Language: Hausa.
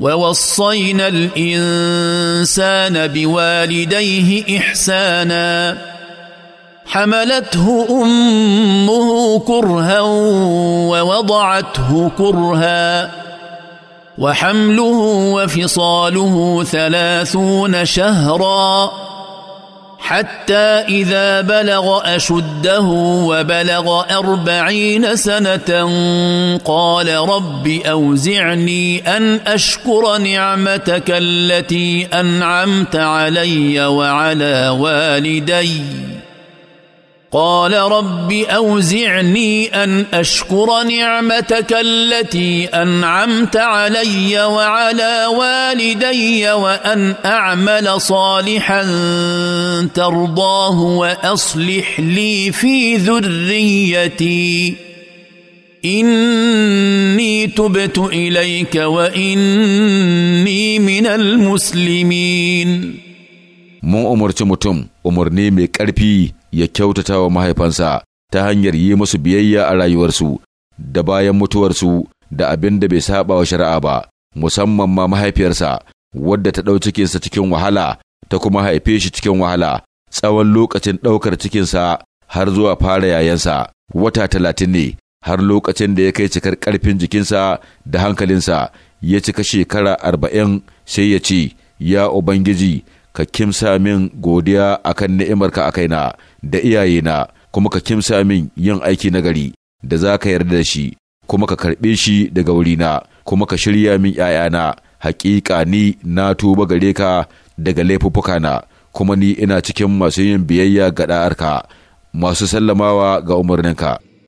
ووصينا الانسان بوالديه احسانا حملته امه كرها ووضعته كرها وحمله وفصاله ثلاثون شهرا حتى اذا بلغ اشده وبلغ اربعين سنه قال رب اوزعني ان اشكر نعمتك التي انعمت علي وعلى والدي قال رب اوزعني ان اشكر نعمتك التي انعمت علي وعلى والدي وان اعمل صالحا ترضاه واصلح لي في ذريتي اني تبت اليك واني من المسلمين مو امرت متم امرني مي ya kyautata wa mahaifansa ta hanyar yi musu biyayya a rayuwarsu da bayan mutuwarsu da abin da bai saba wa shari'a ba musamman ma mahaifiyarsa wadda ta ɗau cikinsa cikin wahala ta kuma haife shi cikin wahala tsawon lokacin ɗaukar cikinsa har zuwa fara yayansa wata talatin ne har lokacin da ya kai cikar ƙarfin jikinsa da hankalinsa ya cika shekara arba'in sai ya ce ya ubangiji ka kimsa min godiya akan ni'imarka a kaina da iyayena kuma ka kimsa min yin aiki nagari da za ka yarda da shi kuma ka karɓe shi daga wurina kuma ka shirya min ‘ya'yana haƙiƙa ni na tuba gare ka daga laifuffukana kuma ni ina cikin masu yin biyayya ga ɗa'arka masu sallamawa ga umarninka.